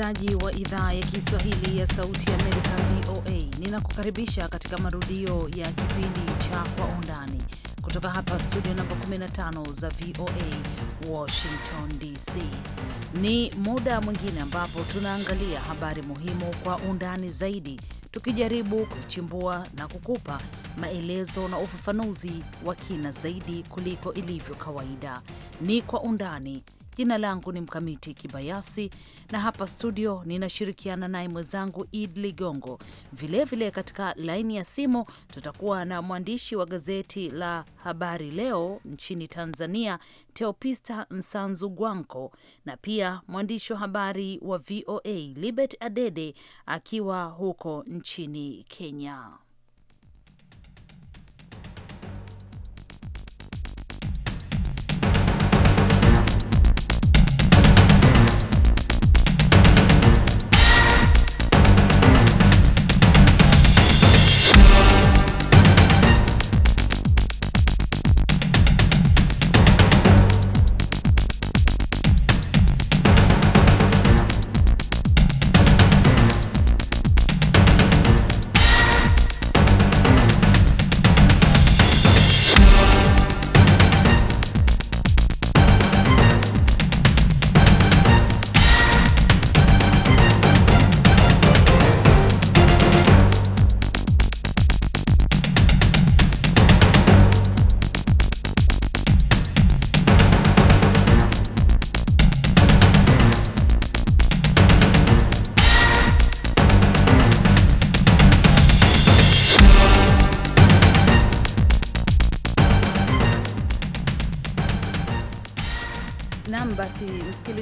msikilizaji wa idhaa ya Kiswahili ya Sauti ya Amerika, VOA. Ninakukaribisha katika marudio ya kipindi cha Kwa Undani kutoka hapa studio namba 15 za VOA Washington DC. Ni muda mwingine ambapo tunaangalia habari muhimu kwa undani zaidi, tukijaribu kuchimbua na kukupa maelezo na ufafanuzi wa kina zaidi kuliko ilivyo kawaida. Ni Kwa Undani. Jina langu ni Mkamiti Kibayasi, na hapa studio ninashirikiana naye mwenzangu Id Ligongo. Vilevile katika laini ya simu tutakuwa na mwandishi wa gazeti la Habari Leo nchini Tanzania, Teopista Nsanzu Gwanko, na pia mwandishi wa habari wa VOA Libet Adede akiwa huko nchini Kenya.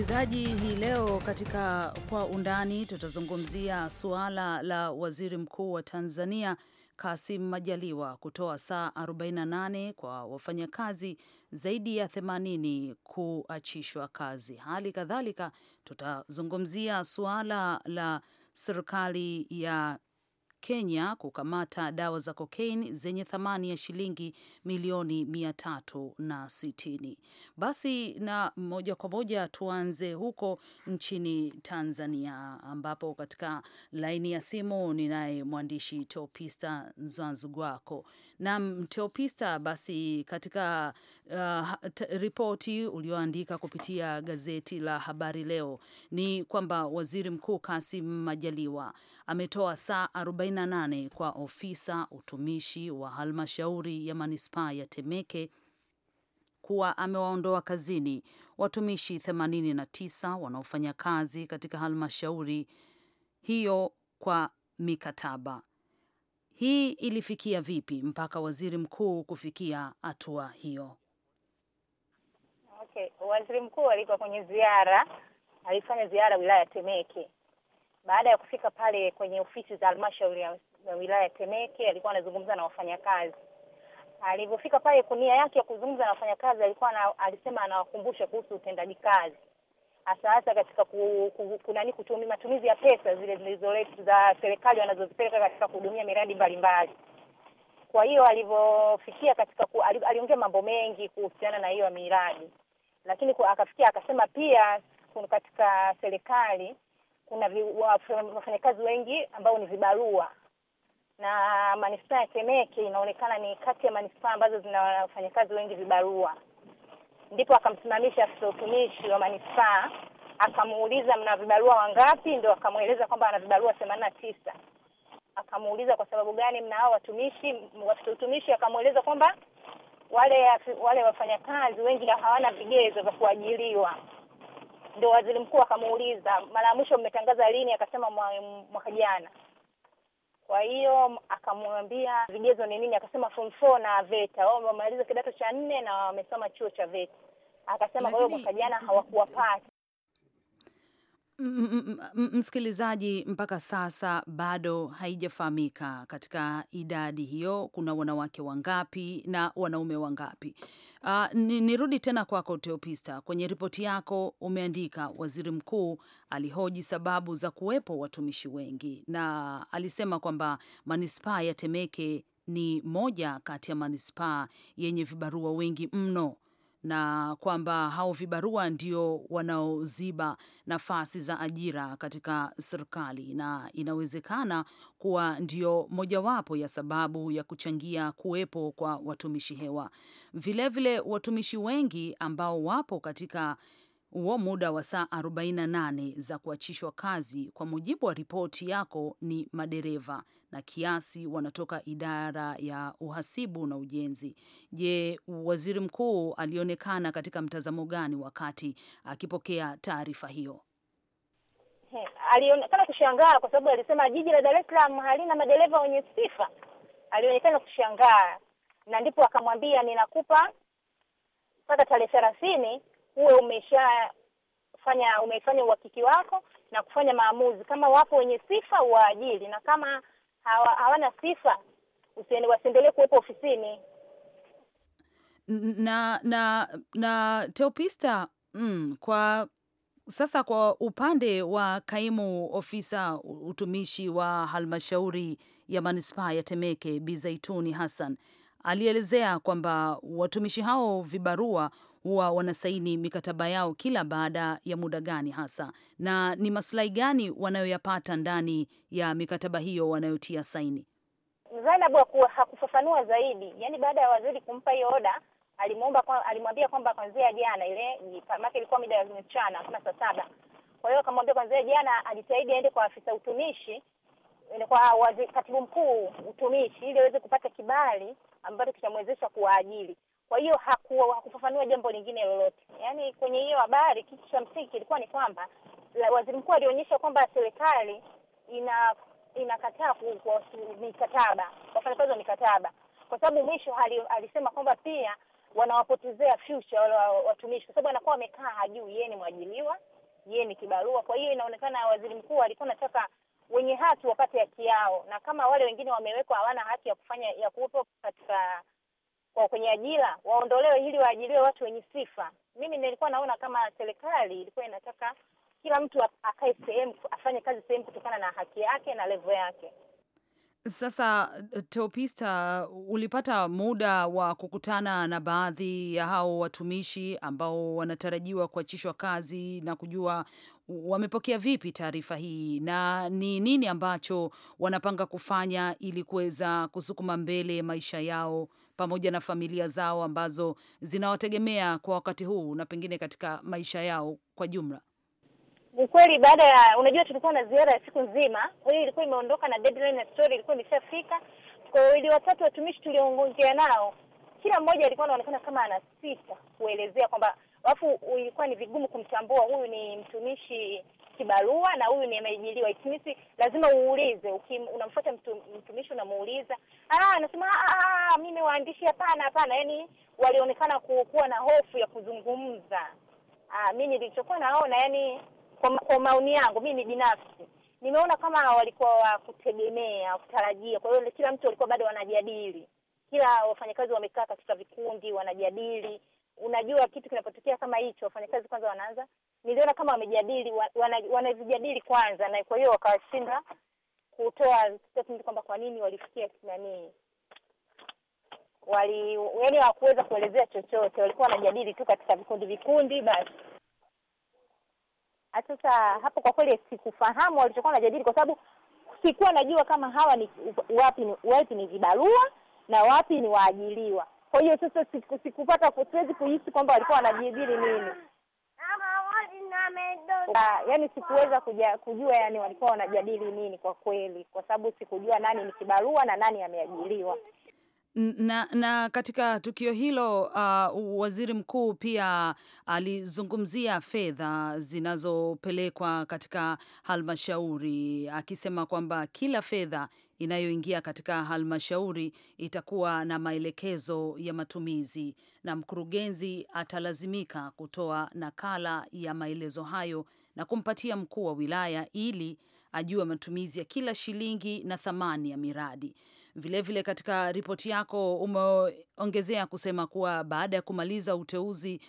Msikilizaji, hii leo katika Kwa Undani tutazungumzia suala la waziri mkuu wa Tanzania Kasim Majaliwa kutoa saa 48 kwa wafanyakazi zaidi ya 80 kuachishwa kazi. Hali kadhalika tutazungumzia suala la serikali ya Kenya kukamata dawa za kokaini zenye thamani ya shilingi milioni mia tatu na sitini. Basi na moja kwa moja tuanze huko nchini Tanzania, ambapo katika laini ya simu ninaye mwandishi Teopista Nzanzugwako. Naam, Teopista, basi katika uh, ripoti ulioandika kupitia gazeti la Habari Leo ni kwamba waziri mkuu Kasim Majaliwa ametoa saa 48 kwa ofisa utumishi wa halmashauri ya manispaa ya Temeke kuwa amewaondoa kazini watumishi 89 wanaofanya kazi katika halmashauri hiyo kwa mikataba. Hii ilifikia vipi mpaka waziri mkuu kufikia hatua hiyo? Okay, waziri mkuu alikuwa kwenye ziara, alifanya ziara wilaya ya Temeke baada ya kufika pale kwenye ofisi za halmashauri ya wilaya ya Temeke, alikuwa anazungumza na wafanyakazi. Alivyofika pale, nia yake ya kuzungumza na wafanyakazi alikuwa na, alisema anawakumbusha kuhusu utendaji kazi hasa hasa katika ku, ku, kunani kutumi matumizi ya pesa zile zilizoletwa za serikali wanazozipeleka katika kuhudumia miradi mbalimbali. Kwa hiyo alivyofikia katika ku, aliongea mambo mengi kuhusiana na hiyo miradi, lakini akafikia akasema pia katika serikali kuna wafanyakazi wengi ambao ni vibarua na manispaa ya Temeke inaonekana ni kati ya manispaa ambazo zina wafanyakazi wengi vibarua. Ndipo akamsimamisha afisa utumishi wa manispaa akamuuliza mna vibarua wangapi, ndio akamweleza kwamba ana vibarua themanini na tisa. Akamuuliza kwa sababu gani mna hao watumishi, afisa utumishi akamweleza kwamba wale wale wafanyakazi wengi hawana vigezo vya kuajiliwa ndio waziri mkuu akamuuliza mara ya mwisho mmetangaza lini? Akasema mwaka jana. Kwa hiyo akamwambia vigezo ni nini? Akasema form four na VETA, wao wamemaliza kidato cha nne na wamesoma chuo cha VETA. Akasema kwa hiyo mwaka jana hawakuwapata Msikilizaji, mpaka sasa bado haijafahamika katika idadi hiyo kuna wanawake wangapi na wanaume wangapi. Uh, nirudi tena kwako Teopista, kwenye ripoti yako umeandika waziri mkuu alihoji sababu za kuwepo watumishi wengi na alisema kwamba manispaa ya Temeke ni moja kati ya manispaa yenye vibarua wengi mno na kwamba hao vibarua ndio wanaoziba nafasi za ajira katika serikali, na inawezekana kuwa ndio mojawapo ya sababu ya kuchangia kuwepo kwa watumishi hewa. Vilevile vile watumishi wengi ambao wapo katika huo muda wa saa 48 za kuachishwa kazi kwa mujibu wa ripoti yako ni madereva na kiasi wanatoka idara ya uhasibu na ujenzi. Je, waziri mkuu alionekana katika mtazamo gani wakati akipokea taarifa hiyo? alionekana kushangaa kwa sababu alisema jiji la Dar es Salaam halina madereva wenye sifa. Alionekana kushangaa na ndipo akamwambia, ninakupa mpaka tarehe thelathini uwe umeshafanya umefanya uhakiki wako na kufanya maamuzi. Kama wapo wenye sifa waajiri, na kama hawa, hawana sifa wasiendelee kuwepo ofisini. Na na na Teopista, mm, kwa sasa kwa upande wa kaimu ofisa utumishi wa halmashauri ya manispaa ya Temeke Bizaituni Hassan alielezea kwamba watumishi hao vibarua huwa wanasaini mikataba yao kila baada ya muda gani hasa, na ni maslahi gani wanayoyapata ndani ya mikataba hiyo wanayotia saini? Zainabu hakufafanua zaidi, Yani baada ya waziri kumpa hiyo oda alimwomba kwa, alimwambia kwamba kwanzia jana ile make ilikuwa mida ya mchana kama saa saba. Kwa hiyo akamwambia kwanzia jana ajitahidi aende kwa afisa utumishi kwa wazi, katibu mkuu utumishi ili aweze kupata kibali ambacho kitamwezesha kuwaajili kwa hiyo hakufafanua jambo lingine lolote. Yaani kwenye hiyo habari, kitu cha msingi kilikuwa ni kwamba waziri mkuu alionyesha kwamba serikali ina inakataa mikataba, wafanyakazi wa mikataba, kwa sababu mwisho alisema kwamba pia wanawapotezea future wale watumishi, kwa sababu anakuwa amekaa hajuu yeye ni mwajiliwa, yeye ni kibarua. Kwa hiyo inaonekana waziri mkuu alikuwa anataka wenye haki wapate haki yao, na kama wale wengine wamewekwa hawana haki ya kufanya ya kuwepo katika kwa kwenye ajira waondolewe ili waajiriwe watu wenye sifa. Mimi nilikuwa naona kama serikali ilikuwa inataka kila mtu akae sehemu afanye kazi sehemu kutokana na haki yake na levo yake. Sasa Teopista, ulipata muda wa kukutana na baadhi ya hao watumishi ambao wanatarajiwa kuachishwa kazi na kujua wamepokea vipi taarifa hii na ni nini ambacho wanapanga kufanya ili kuweza kusukuma mbele maisha yao pamoja na familia zao ambazo zinawategemea kwa wakati huu na pengine katika maisha yao kwa jumla? Ni kweli, baada ya unajua, tulikuwa na ziara ya siku nzima, kwa hiyo ilikuwa imeondoka na deadline ya story ilikuwa imeshafika. Kwa hiyo ili watatu watumishi tuliongozea nao, kila mmoja alikuwa anaonekana kama ana anasita kuelezea kwamba, alafu ilikuwa ni vigumu kumtambua huyu ni mtumishi kibarua na huyu ni ameajiliwa. Itimisi lazima uulize, unamfuata mtumishi unamuuliza, ah, anasema ah, ah, ah, ah waandishi hapana, hapana, yani walionekana kuwa na hofu ya kuzungumza. Ah, mimi nilichokuwa naona yani, kwa maoni yangu mimi binafsi nimeona kama walikuwa wa kutegemea kutarajia. Kwa hiyo kila mtu alikuwa bado wanajadili, kila wafanyakazi wamekaa katika vikundi wanajadili. Unajua, kitu kinapotokea kama hicho, wafanyakazi kwanza wanaanza, niliona kama wamejadili, wanavijadili kwanza, na kwa hiyo wakawashinda kutoa statement kwamba kwa nini walifikia nani wali yaani hawakuweza kuelezea chochote, walikuwa wanajadili tu katika vikundi vikundi basi. Ah, sasa hapo kwa kweli sikufahamu walichokuwa wanajadili, kwa sababu sikuwa najua kama hawa ni wapi ni wapi ni vibarua na wapi ni waajiliwa. Kwa hiyo sasa siku, sikupata siwezi kuhisi kwamba walikuwa wanajadili nini. Yaani sikuweza kuja, kujua yani walikuwa wanajadili nini kwa kweli, kwa sababu sikujua nani ni kibarua na nani ameajiliwa. Na, na katika tukio hilo uh, waziri mkuu pia alizungumzia fedha zinazopelekwa katika halmashauri akisema kwamba kila fedha inayoingia katika halmashauri itakuwa na maelekezo ya matumizi na mkurugenzi atalazimika kutoa nakala ya maelezo hayo na kumpatia mkuu wa wilaya ili ajue matumizi ya kila shilingi na thamani ya miradi. Vilevile vile katika ripoti yako umeongezea kusema kuwa baada ya kumaliza uteuzi,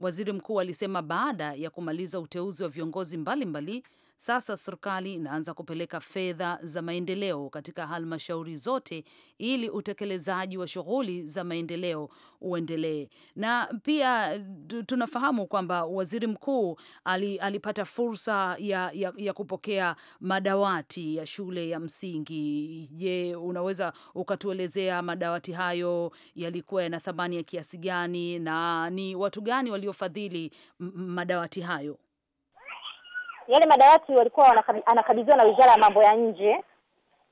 waziri mkuu alisema baada ya kumaliza uteuzi wa viongozi mbalimbali mbali, sasa serikali inaanza kupeleka fedha za maendeleo katika halmashauri zote ili utekelezaji wa shughuli za maendeleo uendelee. Na pia tunafahamu kwamba waziri mkuu alipata fursa ya, ya, ya kupokea madawati ya shule ya msingi. Je, unaweza ukatuelezea madawati hayo yalikuwa yana thamani ya kiasi gani na ni watu gani waliofadhili madawati hayo? yale madawati walikuwa anakabidhiwa na Wizara ya Mambo ya Nje.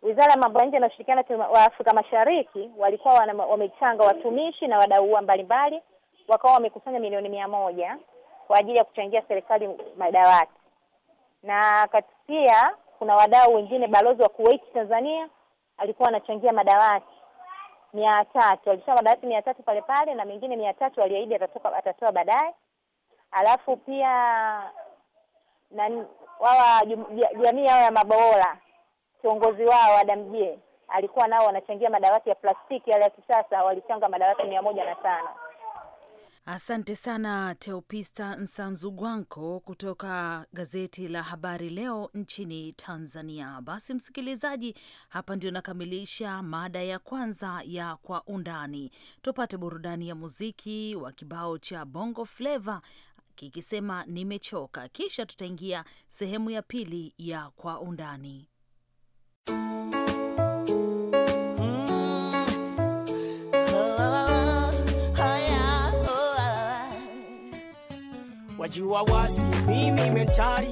Wizara ya Mambo ya Nje na ushirikiano wa Afrika Mashariki walikuwa wamechanga watumishi na wadau mbalimbali, wakawa wamekusanya milioni mia moja kwa ajili ya kuchangia serikali madawati, na katipia kuna wadau wengine. Balozi wa Kuwait Tanzania alikuwa anachangia madawati mia tatu alitoa madawati mia tatu pale pale, na mengine mia tatu aliahidi atatoa baadaye. Alafu pia na wawa jamii yao ya mabohora, kiongozi wao Adamjie alikuwa nao wanachangia madawati ya plastiki yale ya kisasa, walichanga madawati mia moja na tano. Asante sana Teopista Nsanzugwanko kutoka gazeti la Habari Leo nchini Tanzania. Basi msikilizaji, hapa ndio nakamilisha mada ya kwanza ya Kwa Undani. Tupate burudani ya muziki wa kibao cha Bongo Flava kikisema nimechoka, kisha tutaingia sehemu ya pili ya kwa undani. Wajua wazi mimi mentari,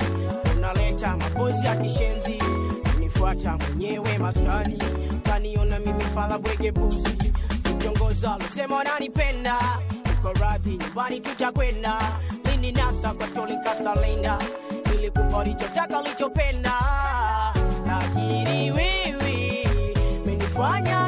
unaleta mapozi ya kishenzi, unifuata mwenyewe maskani, kaniona mimi fala bwege buzi, mtongoza lusema unanipenda, uko radhi, nyumbani tutakwenda umeninasa kwa stoli kasalenda, nilikupa ulichotaka ulichopenda, lakini wewe menifanya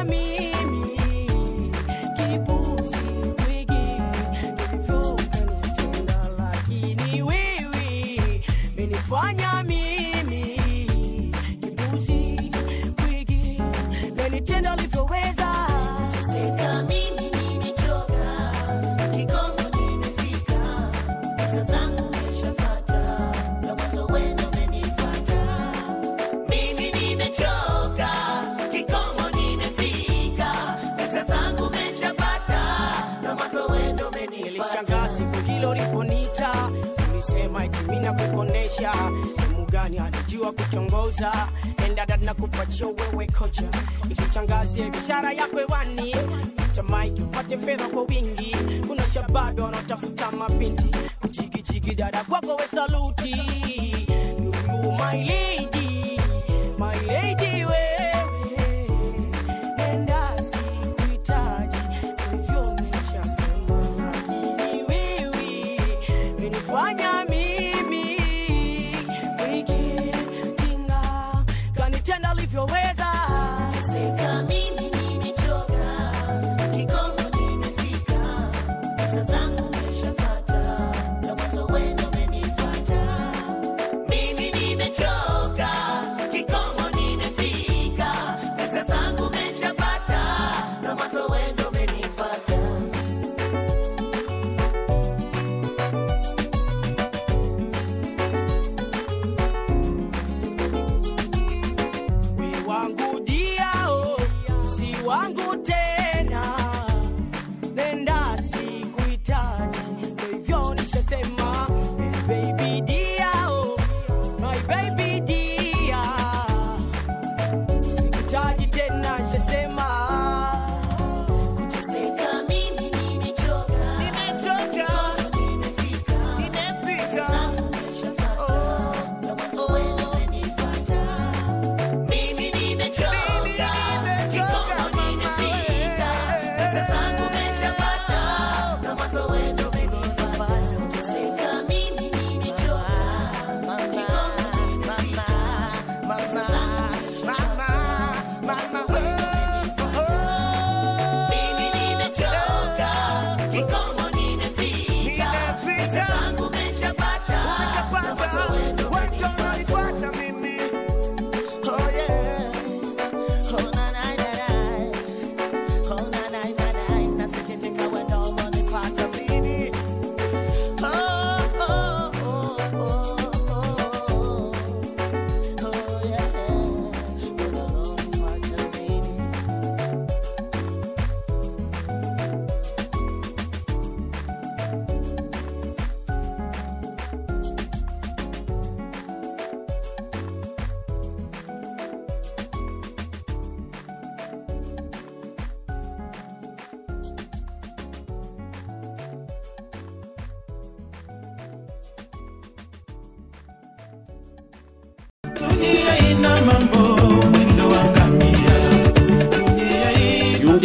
nionyeshe biashara yako hewani, pacha upate fedha kwa wingi, kuna shabado wanaotafuta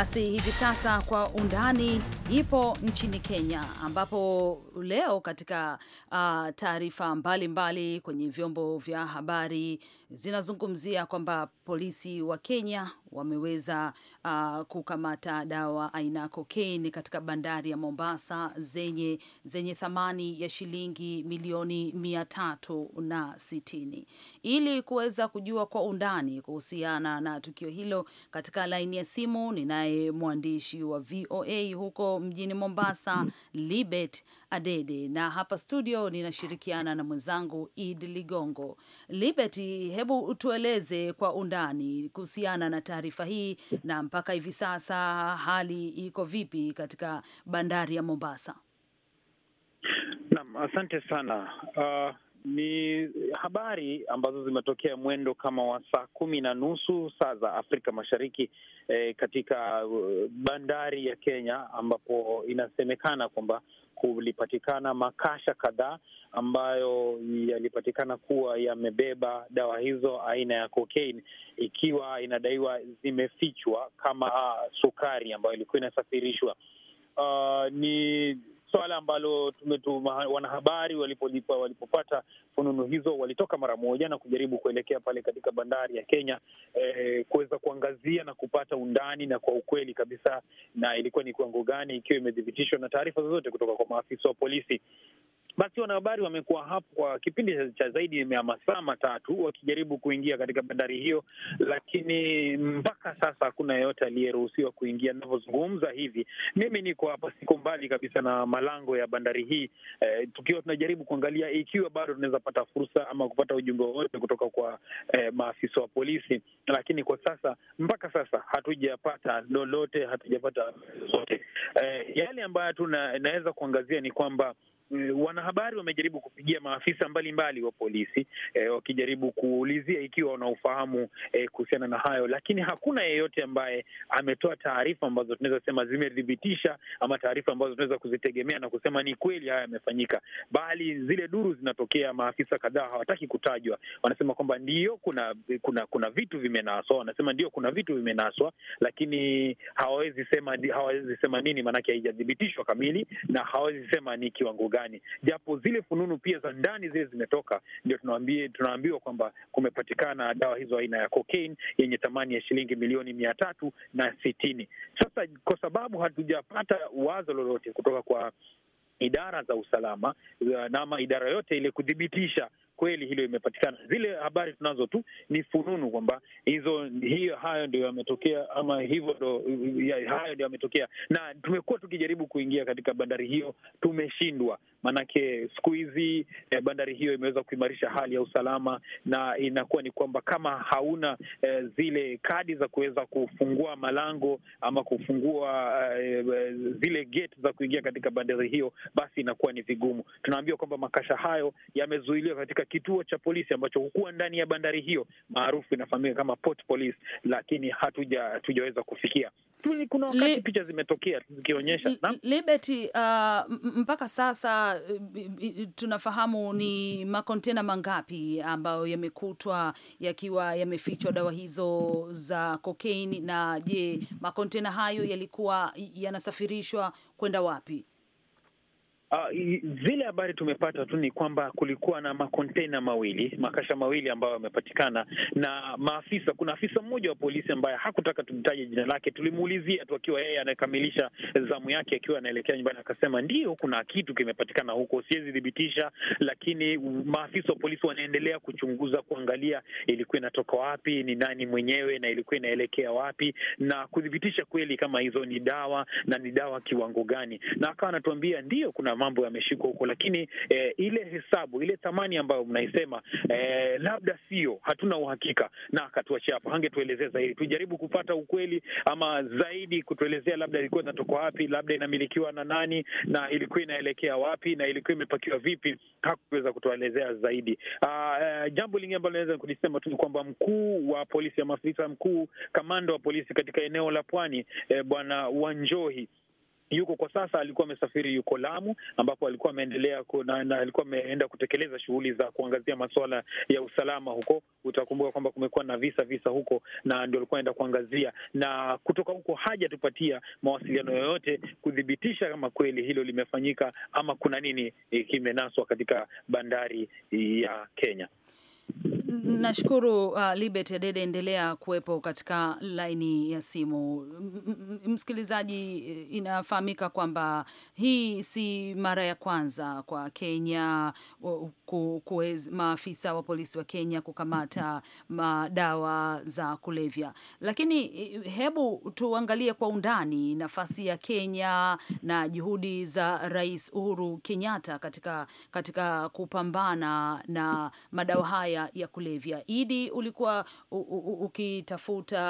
Basi hivi sasa kwa undani ipo nchini Kenya, ambapo leo katika uh, taarifa mbalimbali kwenye vyombo vya habari zinazungumzia kwamba polisi wa Kenya wameweza uh, kukamata dawa aina ya katika bandari ya Mombasa zenye, zenye thamani ya shilingi milioni mia tatu na sitini. Ili kuweza kujua kwa undani kuhusiana na tukio hilo, katika laini ya simu ninaye mwandishi wa VOA huko mjini Mombasa, Libet Adede, na hapa studio ninashirikiana na mwenzangu Id Ligongo. Libet, hebu utueleze kwa undani kuhusiana na taarifa hii, na mpaka hivi sasa hali iko vipi katika bandari ya Mombasa? Naam, asante sana. Uh, ni habari ambazo zimetokea mwendo kama wa saa kumi na nusu saa za Afrika Mashariki eh, katika uh, bandari ya Kenya ambapo inasemekana kwamba kulipatikana makasha kadhaa ambayo yalipatikana kuwa yamebeba dawa hizo aina ya cocaine, ikiwa inadaiwa zimefichwa kama ah, sukari ambayo ilikuwa inasafirishwa. Uh, ni swala ambalo wanahabari walipolipa, walipopata fununu hizo walitoka mara moja na kujaribu kuelekea pale katika bandari ya Kenya eh, kuweza kuangazia na kupata undani na kwa ukweli kabisa, na ilikuwa ni kiwango gani, ikiwa imethibitishwa na taarifa zozote kutoka kwa maafisa wa polisi. Basi wanahabari wamekuwa hapo kwa kipindi cha zaidi ya masaa matatu wakijaribu kuingia katika bandari hiyo, lakini mpaka sasa hakuna yeyote aliyeruhusiwa kuingia. Navyozungumza hivi, mimi niko hapa, siko mbali kabisa na malango ya bandari hii eh, tukiwa tunajaribu kuangalia ikiwa bado tunaweza pata fursa ama kupata ujumbe wowote kutoka kwa eh, maafisa wa polisi, lakini kwa sasa, mpaka sasa hatujapata lolote, hatujapata zote. Eh, yale ambayo naweza kuangazia ni kwamba Eh, wanahabari wamejaribu kupigia maafisa mbalimbali mbali wa polisi eh, wakijaribu kuulizia ikiwa wanaofahamu eh, kuhusiana na hayo, lakini hakuna yeyote ambaye ametoa taarifa ambazo tunaweza sema zimethibitisha ama taarifa ambazo tunaweza kuzitegemea na kusema ni kweli haya yamefanyika, bali zile duru zinatokea, maafisa kadhaa hawataki kutajwa, wanasema kwamba ndio kuna kuna kuna vitu vimenaswa, wanasema ndio kuna vitu vimenaswa, lakini hawawezi sema hawawezi sema nini, maanake haijathibitishwa kamili na hawawezi sema ni kiwango gani gani, japo zile fununu pia za ndani zile zimetoka, ndio tunaambiwa kwamba kumepatikana dawa hizo aina ya cocaine yenye thamani ya shilingi milioni mia tatu na sitini. Sasa kwa sababu hatujapata wazo lolote kutoka kwa idara za usalama nama idara yote ile kuthibitisha kweli hilo imepatikana. Zile habari tunazo tu ni fununu kwamba hizo hiyo hayo ndio yametokea, ama hivyo ndo hayo ndio yametokea, na tumekuwa tukijaribu kuingia katika bandari hiyo, tumeshindwa. Maanake siku hizi eh, bandari hiyo imeweza kuimarisha hali ya usalama, na inakuwa ni kwamba kama hauna eh, zile kadi za kuweza kufungua malango ama kufungua eh, zile gate za kuingia katika bandari hiyo, basi inakuwa ni vigumu. Tunaambiwa kwamba makasha hayo yamezuiliwa katika kituo cha polisi ambacho hukuwa ndani ya bandari hiyo maarufu inafahamika kama Port Police, lakini hatuja hatujaweza kufikia. Kuna wakati Le... picha zimetokea zikionyesha Liberty. Uh, mpaka sasa uh, tunafahamu ni makontena mangapi ambayo yamekutwa yakiwa yamefichwa dawa hizo za kokaini, na je, makontena hayo yalikuwa yanasafirishwa kwenda wapi? Uh, zile habari tumepata tu ni kwamba kulikuwa na makontena mawili, makasha mawili ambayo yamepatikana na maafisa. Kuna afisa mmoja wa polisi ambaye hakutaka tumtaje jina lake, tulimuulizia tu akiwa yeye anakamilisha zamu yake akiwa anaelekea nyumbani, akasema ndio kuna kitu kimepatikana huko, siwezi thibitisha, lakini maafisa wa polisi wanaendelea kuchunguza, kuangalia ilikuwa inatoka wapi, ni nani mwenyewe, na ilikuwa inaelekea wapi, na kuthibitisha kweli kama hizo ni dawa na ni dawa kiwango gani, na akawa anatuambia ndio kuna mambo yameshikwa huko, lakini eh, ile hesabu ile thamani ambayo mnaisema eh, labda sio, hatuna uhakika na akatuachia hapo. Hangetuelezea zaidi tujaribu kupata ukweli ama zaidi kutuelezea labda ilikuwa inatoka wapi, labda inamilikiwa na nani, na ilikuwa inaelekea wapi, na ilikuwa imepakiwa vipi, hakuweza kutuelezea zaidi. Uh, jambo lingine ambalo naweza kulisema tu ni kwamba mkuu wa polisi ya mafisa mkuu kamanda wa polisi katika eneo la pwani eh, Bwana Wanjohi yuko kwa sasa, alikuwa amesafiri yuko Lamu, ambapo alikuwa ameendelea na, na alikuwa ameenda kutekeleza shughuli za kuangazia masuala ya usalama huko. Utakumbuka kwamba kumekuwa na visa visa huko, na ndio alikuwa aenda kuangazia, na kutoka huko hajatupatia mawasiliano yoyote kuthibitisha kama kweli hilo limefanyika ama kuna nini eh, kimenaswa katika bandari ya Kenya. Nashukuru uh, Libet Adede, endelea kuwepo katika laini ya simu. Msikilizaji, inafahamika kwamba hii si mara ya kwanza kwa Kenya kuwez, maafisa wa polisi wa Kenya kukamata madawa za kulevya, lakini hebu tuangalie kwa undani nafasi ya Kenya na juhudi za Rais Uhuru Kenyatta katika, katika kupambana na madawa haya madawa ya kulevya. Idi, ulikuwa ukitafuta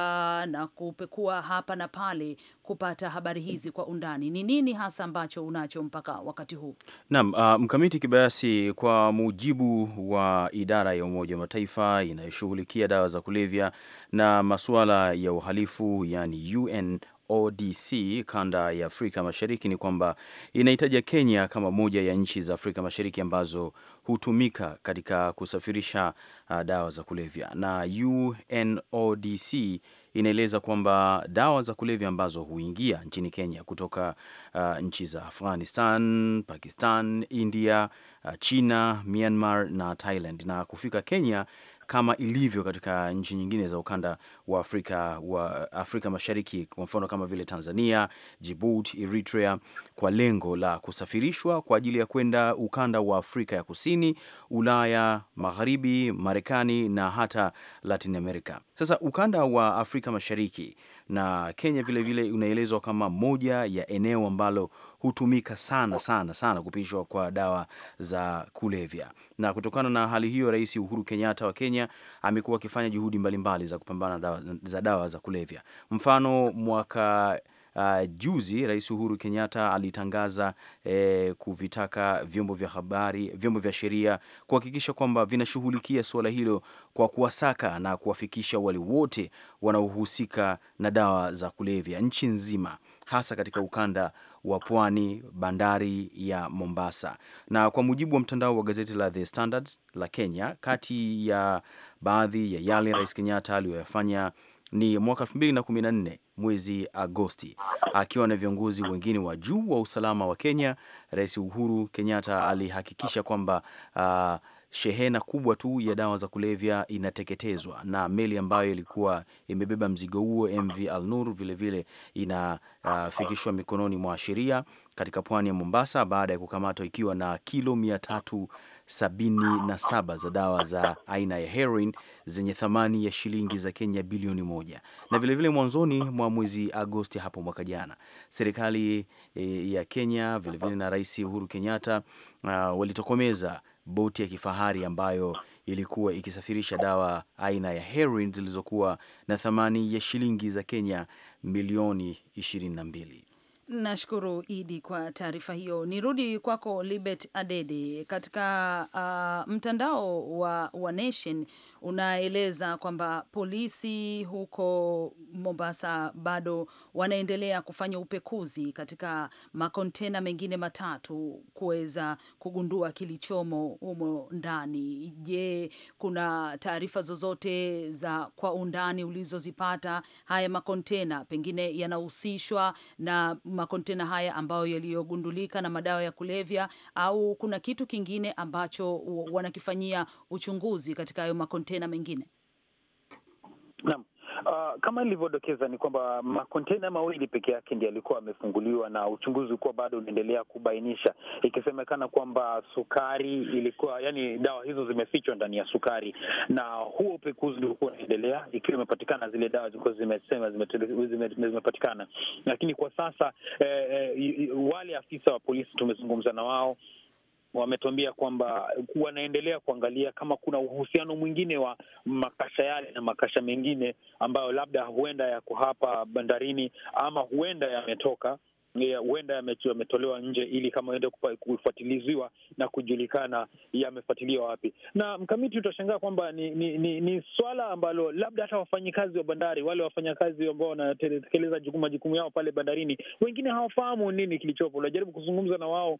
na kupekua hapa na pale kupata habari hizi kwa undani, ni nini hasa ambacho unacho mpaka wakati huu? Naam, uh, mkamiti kibayasi, kwa mujibu wa idara ya Umoja wa Mataifa inayoshughulikia dawa za kulevya na masuala ya uhalifu, yani UN ODC kanda ya Afrika Mashariki ni kwamba inahitaja Kenya kama moja ya nchi za Afrika Mashariki ambazo hutumika katika kusafirisha uh, dawa za kulevya, na UNODC inaeleza kwamba dawa za kulevya ambazo huingia nchini Kenya kutoka uh, nchi za Afghanistan, Pakistan, India, uh, China, Myanmar na Thailand na kufika Kenya kama ilivyo katika nchi nyingine za ukanda wa Afrika, wa Afrika Mashariki, kwa mfano kama vile Tanzania, Djibouti, Eritrea, kwa lengo la kusafirishwa kwa ajili ya kwenda ukanda wa Afrika ya Kusini, Ulaya Magharibi, Marekani na hata Latin America. Sasa ukanda wa Afrika Mashariki na Kenya vilevile unaelezwa kama moja ya eneo ambalo hutumika sana sana sana kupishwa kwa dawa za kulevya. Na kutokana na hali hiyo, Rais Uhuru Kenyatta wa Kenya amekuwa akifanya juhudi mbalimbali mbali za kupambana dawa, za dawa za kulevya. Mfano mwaka uh, juzi Rais Uhuru Kenyatta alitangaza eh, kuvitaka vyombo vya habari, vyombo vya sheria kuhakikisha kwamba vinashughulikia suala hilo kwa kuwasaka na kuwafikisha wale wote wanaohusika na dawa za kulevya nchi nzima hasa katika ukanda wa pwani, bandari ya Mombasa. Na kwa mujibu wa mtandao wa gazeti la The Standard la Kenya, kati ya baadhi ya yale Rais Kenyatta aliyoyafanya ni mwaka 2014 mwezi Agosti. Akiwa na viongozi wengine wa juu wa usalama wa Kenya, Rais Uhuru Kenyatta alihakikisha kwamba uh, shehena kubwa tu ya dawa za kulevya inateketezwa na meli ambayo ilikuwa imebeba mzigo huo MV Alnur nur vilevile inafikishwa uh, mikononi mwa sheria katika pwani ya Mombasa baada ya kukamatwa ikiwa na kilo mia tatu 77 za dawa za aina ya heroin zenye thamani ya shilingi za Kenya bilioni moja. Na vilevile mwanzoni mwa mwezi Agosti hapo mwaka jana, serikali e, ya Kenya vilevile vile na Rais Uhuru Kenyatta uh, walitokomeza boti ya kifahari ambayo ilikuwa ikisafirisha dawa aina ya heroin zilizokuwa na thamani ya shilingi za Kenya milioni mbili. Nashukuru Idi kwa taarifa hiyo. Nirudi kwako Libet Adede, katika uh, mtandao wa, wa Nation unaeleza kwamba polisi huko Mombasa bado wanaendelea kufanya upekuzi katika makontena mengine matatu kuweza kugundua kilichomo humo ndani. Je, kuna taarifa zozote za kwa undani ulizozipata? Haya makontena pengine yanahusishwa na makontena haya ambayo yaliyogundulika na madawa ya kulevya, au kuna kitu kingine ambacho wanakifanyia uchunguzi katika hayo makontena mengine? Naam, Uh, kama ilivyodokeza ni kwamba makontena mawili peke yake ndiyo yalikuwa yamefunguliwa na uchunguzi ukuwa bado unaendelea kubainisha, ikisemekana kwamba sukari ilikuwa yani, dawa hizo zimefichwa ndani ya sukari, na huo upekuzi ndio ulikuwa unaendelea, ikiwa imepatikana zile dawa zilikuwa zimesema zimepatikana, lakini kwa sasa eh, eh, wale afisa wa polisi tumezungumza na wao wametuambia kwamba wanaendelea kuangalia kama kuna uhusiano mwingine wa makasha yale na makasha mengine ambayo labda huenda yako hapa bandarini ama huenda yametoka huenda yametolewa nje ili kama ende kufuatiliziwa na kujulikana yamefuatiliwa wapi. Na mkamiti, utashangaa kwamba ni, ni, ni, ni swala ambalo labda hata wafanyikazi wa bandari wale wafanyakazi ambao wanatekeleza majukumu yao pale bandarini, wengine hawafahamu nini kilichopo. Unajaribu kuzungumza na wao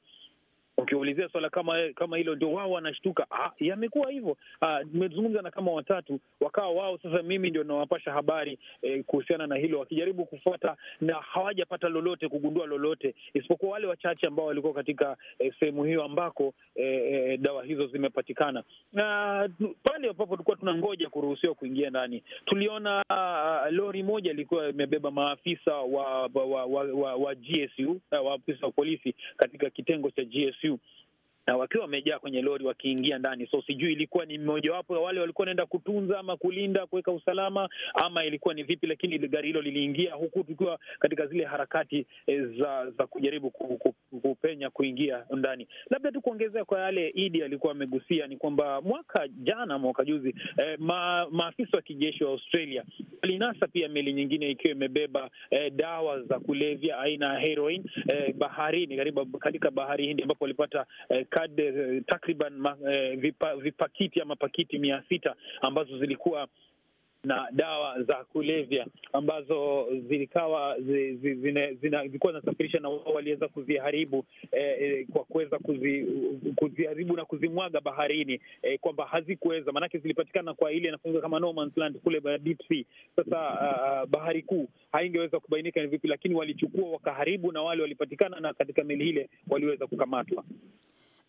ukiulizia swala kama kama hilo, ndio wao wanashtuka. Ah, yamekuwa hivyo. Ah, nimezungumza na kama watatu, wakawa wao sasa, mimi ndio nawapasha habari eh, kuhusiana na hilo, wakijaribu kufuata na hawajapata lolote, kugundua lolote, isipokuwa wale wachache ambao walikuwa katika eh, sehemu hiyo ambako eh, eh dawa hizo zimepatikana. Na pale ambapo tulikuwa tunangoja kuruhusiwa kuingia ndani, tuliona uh, lori moja ilikuwa imebeba maafisa wa wa, wa, wa, wa, eh, wa GSU, uh, waafisa wa polisi katika kitengo cha GSU too na wakiwa wamejaa kwenye lori wakiingia ndani. So sijui ilikuwa ni mmojawapo ya wale walikuwa wanaenda kutunza ama kulinda kuweka usalama ama ilikuwa ni vipi, lakini gari hilo liliingia huku tukiwa katika zile harakati e, za za kujaribu kupenya kuingia ndani. Labda tu kuongezea kwa yale Idi alikuwa amegusia ni kwamba mwaka jana, mwaka juzi, eh, ma, maafisa wa kijeshi wa Australia walinasa pia meli nyingine ikiwa imebeba eh, dawa za kulevya aina ya heroin eh, baharini katika bahari Hindi ambapo walipata eh, kade eh, takriban ma, e, vipa, vipakiti ama pakiti mia sita ambazo zilikuwa na dawa za kulevya ambazo zilikawa zilikuwa zinasafirisha na wao waliweza kuziharibu e, kwa kuweza kuzi, kuziharibu na kuzimwaga baharini e, kwamba hazikuweza maanake zilipatikana kwa ile inafunga kama no man's land kule deep sea. Sasa uh, bahari kuu haingeweza kubainika ni vipi, lakini walichukua wakaharibu, na wale walipatikana na katika meli ile waliweza kukamatwa.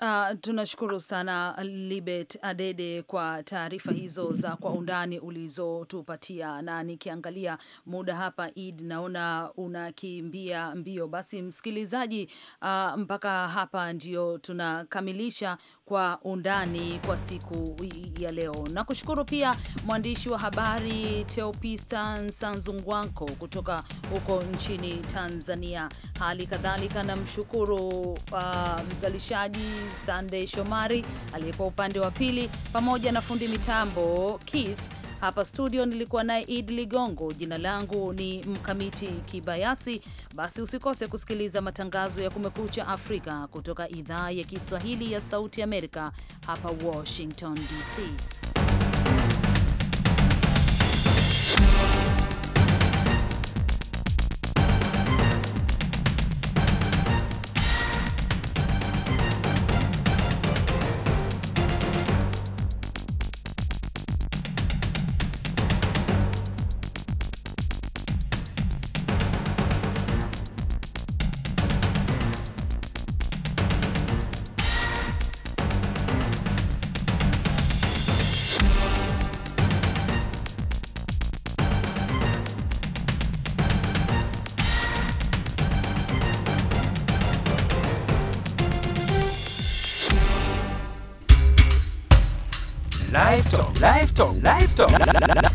Uh, tunashukuru sana Libet Adede kwa taarifa hizo za kwa undani ulizotupatia, na nikiangalia muda hapa Id, naona unakimbia mbio. Basi msikilizaji, uh, mpaka hapa ndio tunakamilisha kwa undani kwa siku ya leo. Nakushukuru pia mwandishi wa habari teopista Sanzungwanko kutoka huko nchini Tanzania. Hali kadhalika namshukuru uh, mzalishaji Sunday Shomari aliyekuwa upande wa pili, pamoja na fundi mitambo Keith. Hapa studio nilikuwa naye Id Ligongo. Jina langu ni Mkamiti Kibayasi. Basi usikose kusikiliza matangazo ya Kumekucha Afrika kutoka idhaa ya Kiswahili ya Sauti Amerika hapa Washington DC.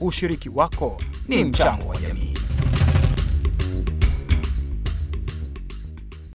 Ushiriki wako ni mchango wa jamii.